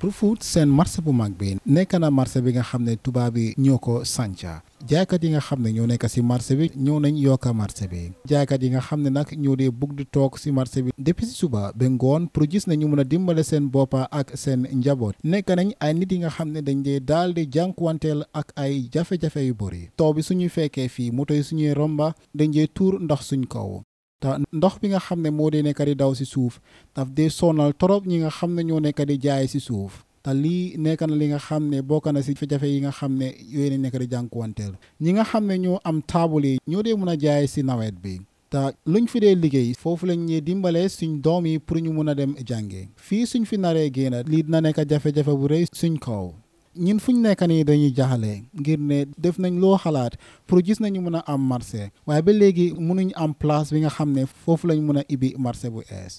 Pro Food seen marché bu mag bi nekk na marché bi nga xam ne tubaab yi ñoo ko sanca jaaykat yi nga xam ne ñoo nekk si marché bi ñëw nañ yokka marché bi jaaykat yi nga xam ne nag ñoo dee bugg di toog si marché bi depuis si suba ba ngoon pour gis ñu mën a dimbale seen boppa ak seen njaboot nekk nañ ay nit yi nga xam ne dañ dee daal di jànkuwanteel ak ay jafe-jafe yu bëri taw bi suñuy fekkee fii moto yi suñuy romba dañ dee tuur ndox suñ kaw te ndox bi nga xam ne moo dee nekk di daw si suuf daf dee sonal torop ñi nga xam ne ñoo nekk di jaay si suuf te lii nekk na li nga xam ne bokk na si jafe-jafe yi nga xam ne yooyu lañ nekk di jànkuwanteel ñi nga xam ne ñoo am taabul yi ñoo dee mun a jaay si nawet bi te luñ fi dee liggéey foofu lañ ñee dimbale suñ doom yi pour ñu mun a dem jàngee fii suñ fi naree génn lii dina nekk jafe-jafe bu rëy suñ kaw ñun fu ñu nekk nii dañuy jaxale ngir ne def nañ loo xalaat pour gis nañu mën a am marché waaye ba léegi mënuñ am place bi nga xam ne foofu lañ mën a ibi marché bu ees